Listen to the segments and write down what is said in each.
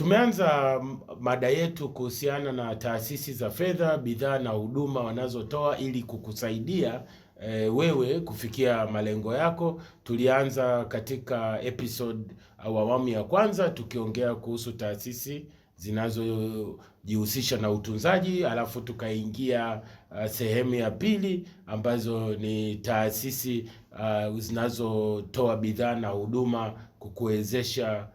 Tumeanza mada yetu kuhusiana na taasisi za fedha, bidhaa na huduma wanazotoa ili kukusaidia e, wewe kufikia malengo yako. Tulianza katika episode au awamu ya kwanza tukiongea kuhusu taasisi zinazojihusisha na utunzaji, alafu tukaingia uh, sehemu ya pili ambazo ni taasisi uh, zinazotoa bidhaa na huduma kukuwezesha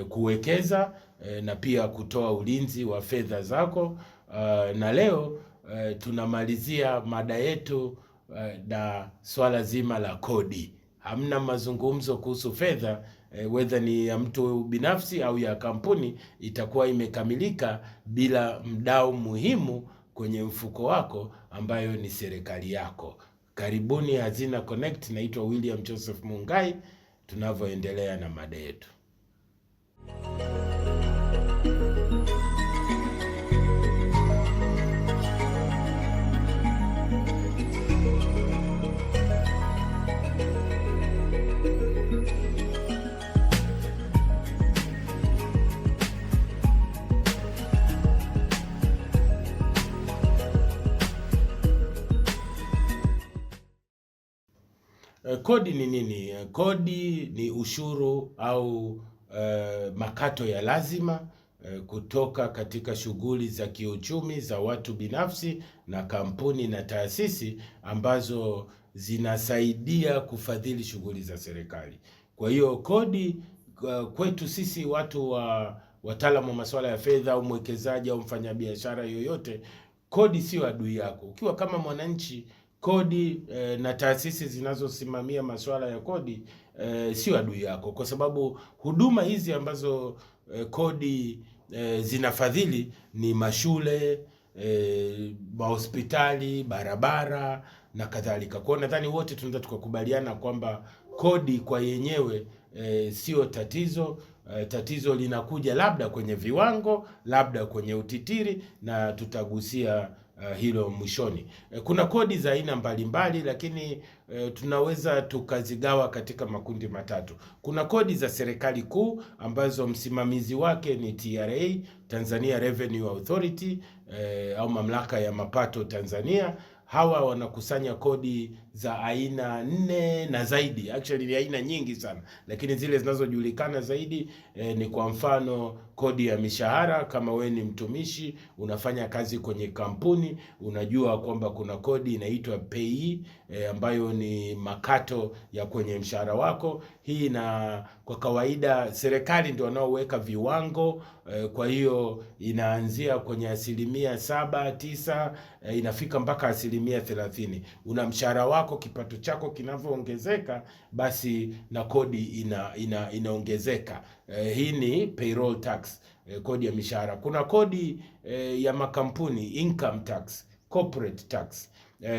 uh, kuwekeza e, na pia kutoa ulinzi wa fedha zako. Uh, na leo uh, tunamalizia mada yetu uh, na swala zima la kodi. Hamna mazungumzo kuhusu fedha uh, whether ni ya mtu binafsi au ya kampuni, itakuwa imekamilika bila mdau muhimu kwenye mfuko wako ambayo ni serikali yako. Karibuni Hazina Connect, naitwa William Joseph Mungai, tunavyoendelea na mada yetu. Eh, kodi ni nini? Eh, kodi ni ushuru au uh, makato ya lazima uh, kutoka katika shughuli za kiuchumi za watu binafsi na kampuni na taasisi ambazo zinasaidia kufadhili shughuli za serikali. Kwa hiyo kodi uh, kwetu sisi watu wa wataalamu wa masuala ya fedha au mwekezaji au mfanyabiashara yoyote, kodi sio adui yako. Ukiwa kama mwananchi kodi e, na taasisi zinazosimamia masuala ya kodi e, sio adui yako, kwa sababu huduma hizi ambazo e, kodi e, zinafadhili ni mashule e, mahospitali, barabara na kadhalika. Kwa hiyo nadhani wote tunaweza tukakubaliana kwamba kodi kwa yenyewe e, sio tatizo. E, tatizo linakuja labda kwenye viwango, labda kwenye utitiri na tutagusia uh, hilo mwishoni. Eh, kuna kodi za aina mbalimbali, lakini e, tunaweza tukazigawa katika makundi matatu. Kuna kodi za serikali kuu ambazo msimamizi wake ni TRA, Tanzania Revenue Authority, e, au mamlaka ya mapato Tanzania hawa wanakusanya kodi za aina nne na zaidi, actually ni aina nyingi sana, lakini zile zinazojulikana zaidi eh, ni kwa mfano kodi ya mishahara. Kama we ni mtumishi unafanya kazi kwenye kampuni, unajua kwamba kuna kodi inaitwa PAYE eh, ambayo ni makato ya kwenye mshahara wako. Hii na kwa kawaida serikali ndio wanaoweka viwango Eh, kwa hiyo inaanzia kwenye asilimia saba tisa eh, inafika mpaka asilimia thelathini. Una mshahara wako, kipato chako kinavyoongezeka, basi na kodi ina, ina, inaongezeka. Eh, hii ni payroll tax, kodi ya mishahara. Kuna kodi ya makampuni income tax, corporate tax.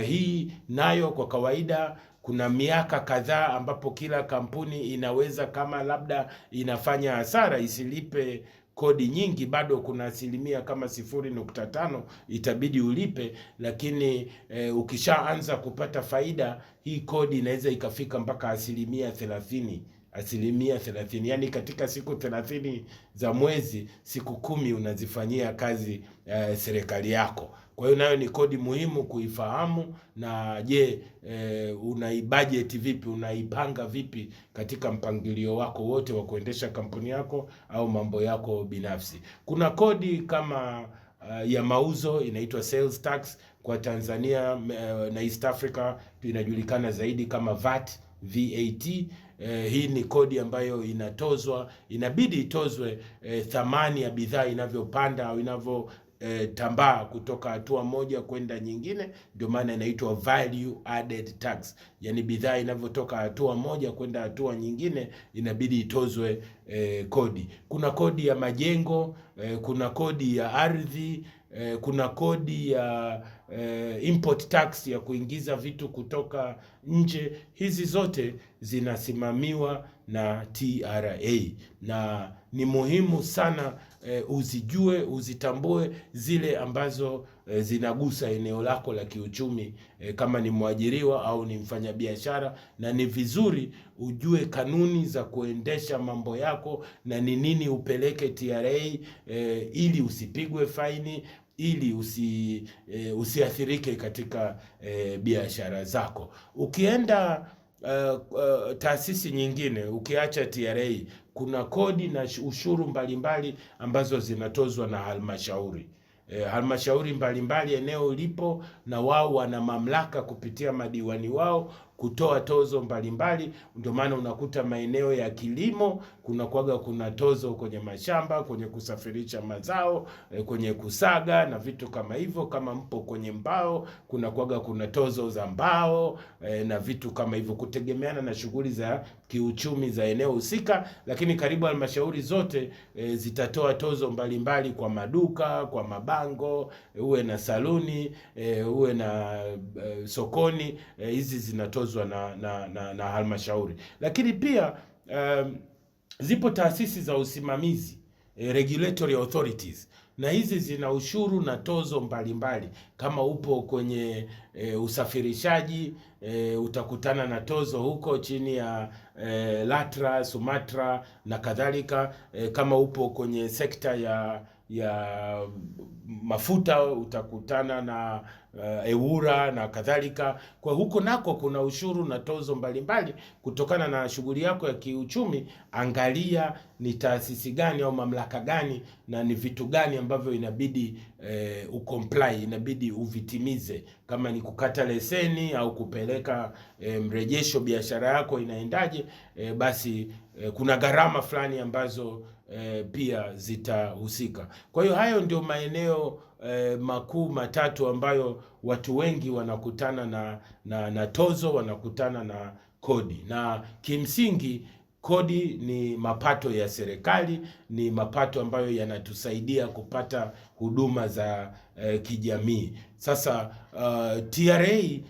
Hii nayo kwa kawaida kuna miaka kadhaa ambapo kila kampuni inaweza kama labda inafanya hasara isilipe kodi nyingi, bado kuna asilimia kama sifuri nukta tano itabidi ulipe, lakini e, ukishaanza kupata faida hii kodi inaweza ikafika mpaka asilimia thelathini asilimia thelathini, yaani katika siku thelathini za mwezi, siku kumi unazifanyia kazi e, serikali yako. Kwa hiyo nayo ni kodi muhimu kuifahamu. Na je, e, eh, unaibajeti vipi? Unaipanga vipi katika mpangilio wako wote wa kuendesha kampuni yako au mambo yako binafsi? Kuna kodi kama Uh, ya mauzo inaitwa sales tax kwa Tanzania uh, na East Africa inajulikana zaidi kama VAT. VAT. Eh, hii ni kodi ambayo inatozwa, inabidi itozwe eh, thamani ya bidhaa inavyopanda au inavyo E, tambaa kutoka hatua moja kwenda nyingine. Ndio maana inaitwa value added tax, Yani bidhaa inavyotoka hatua moja kwenda hatua nyingine inabidi itozwe e, kodi. Kuna kodi ya majengo e, kuna kodi ya ardhi e, kuna kodi ya eh, import tax ya kuingiza vitu kutoka nje, hizi zote zinasimamiwa na TRA na ni muhimu sana eh, uzijue uzitambue zile ambazo eh, zinagusa eneo lako la kiuchumi eh, kama ni mwajiriwa au ni mfanyabiashara, na ni vizuri ujue kanuni za kuendesha mambo yako na ni nini upeleke TRA eh, ili usipigwe faini ili usi, e, usiathirike katika e, biashara zako. Ukienda Uh, uh, taasisi nyingine ukiacha TRA kuna kodi na ushuru mbalimbali mbali ambazo zinatozwa na halmashauri e, halmashauri mbalimbali eneo ulipo, na wao wana mamlaka kupitia madiwani wao kutoa tozo mbalimbali. Ndio maana unakuta maeneo ya kilimo kuna kuaga kuna tozo kwenye mashamba, kwenye kusafirisha mazao, eh, kwenye kusaga na vitu kama hivyo. Kama mpo kwenye mbao, kuna kuaga kuna tozo za mbao eh, na vitu kama hivyo, kutegemeana na shughuli za kiuchumi za eneo husika. Lakini karibu halmashauri zote e, zitatoa tozo mbalimbali mbali kwa maduka, kwa mabango, uwe na saluni, uwe na e, sokoni, hizi e, yanayoongozwa na, na, na, na halmashauri. Lakini pia um, zipo taasisi za usimamizi eh, regulatory authorities na hizi zina ushuru na tozo mbalimbali mbali. Kama upo kwenye e, usafirishaji e, utakutana na tozo huko chini ya e, LATRA, SUMATRA na kadhalika e, kama upo kwenye sekta ya ya mafuta utakutana na uh, eh, eura na kadhalika. Kwa huko nako kuna ushuru na tozo mbalimbali kutokana na shughuli yako ya kiuchumi. Angalia ni taasisi gani au mamlaka gani na ni vitu gani ambavyo inabidi eh, ucomply, inabidi uvitimize, kama ni kukata leseni au kupeleka eh, mrejesho biashara yako inaendaje, Eh, basi eh, kuna gharama fulani ambazo e, pia zitahusika. Kwa hiyo hayo ndio maeneo e, makuu matatu ambayo watu wengi wanakutana na, na, na tozo wanakutana na kodi na kimsingi kodi ni mapato ya serikali, ni mapato ambayo yanatusaidia kupata huduma za e, kijamii. Sasa uh, TRA eh,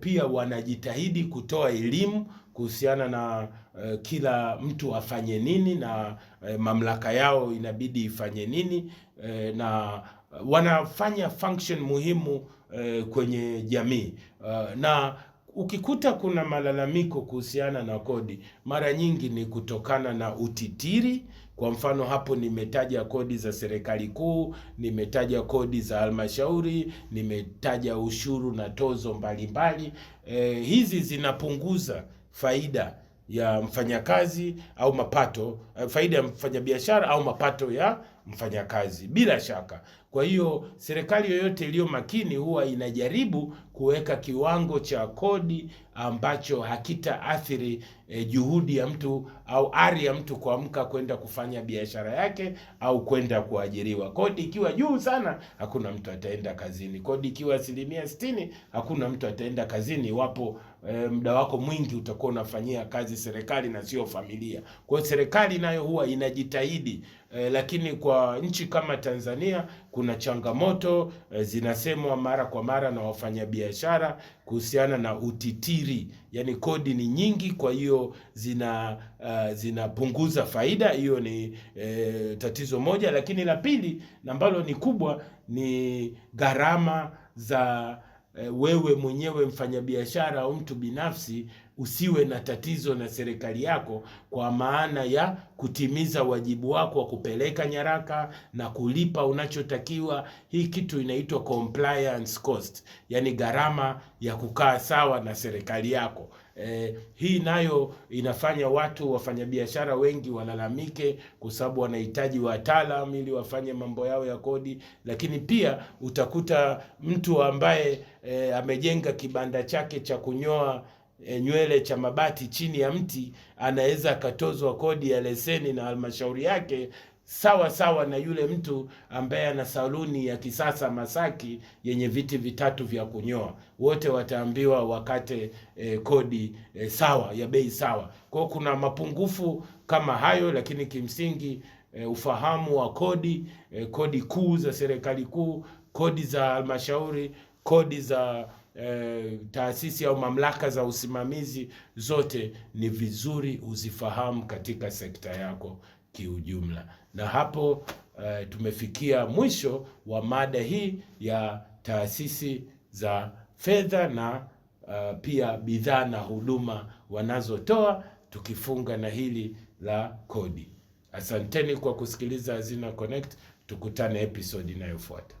pia wanajitahidi kutoa elimu kuhusiana na uh, kila mtu afanye nini na uh, mamlaka yao inabidi ifanye nini uh, na wanafanya function muhimu uh, kwenye jamii uh, na ukikuta kuna malalamiko kuhusiana na kodi, mara nyingi ni kutokana na utitiri. Kwa mfano hapo nimetaja kodi za serikali kuu, nimetaja kodi za halmashauri, nimetaja ushuru na tozo mbalimbali mbali. E, hizi zinapunguza faida ya mfanyakazi au mapato, eh, faida ya mfanyabiashara au mapato ya mfanyakazi bila shaka. Kwa hiyo serikali yoyote iliyo makini huwa inajaribu kuweka kiwango cha kodi ambacho hakitaathiri e, juhudi ya mtu au ari ya mtu kuamka kwenda kufanya biashara yake au kwenda kuajiriwa. Kodi ikiwa juu sana, hakuna mtu ataenda kazini. Kodi ikiwa asilimia sitini, hakuna mtu ataenda kazini iwapo Eh, muda wako mwingi utakuwa unafanyia kazi serikali na sio familia. Kwa hiyo serikali nayo huwa inajitahidi e, lakini kwa nchi kama Tanzania kuna changamoto e, zinasemwa mara kwa mara na wafanyabiashara kuhusiana na utitiri, yaani kodi ni nyingi, kwa hiyo zina uh, zinapunguza faida. Hiyo ni e, tatizo moja, lakini la pili ambalo ni kubwa ni gharama za Eh, wewe mwenyewe mfanyabiashara au mtu binafsi usiwe na tatizo na serikali yako, kwa maana ya kutimiza wajibu wako wa kupeleka nyaraka na kulipa unachotakiwa. Hii kitu inaitwa compliance cost, yaani gharama ya kukaa sawa na serikali yako eh, hii nayo inafanya watu wafanyabiashara wengi walalamike, kwa sababu wanahitaji wataalamu ili wafanye mambo yao ya kodi, lakini pia utakuta mtu ambaye eh, amejenga kibanda chake cha kunyoa eh, nywele cha mabati chini ya mti anaweza akatozwa kodi ya leseni na halmashauri yake sawa sawa na yule mtu ambaye ana saluni ya kisasa Masaki yenye viti vitatu vya kunyoa. Wote wataambiwa wakate eh, kodi eh, sawa ya bei sawa. Kwa hiyo kuna mapungufu kama hayo, lakini kimsingi eh, ufahamu wa kodi eh, kodi kuu za serikali kuu, kodi za halmashauri, kodi za E, taasisi au mamlaka za usimamizi zote ni vizuri uzifahamu katika sekta yako kiujumla. Na hapo uh, tumefikia mwisho wa mada hii ya taasisi za fedha na uh, pia bidhaa na huduma wanazotoa, tukifunga na hili la kodi. Asanteni kwa kusikiliza Hazina Connect, tukutane episode inayofuata.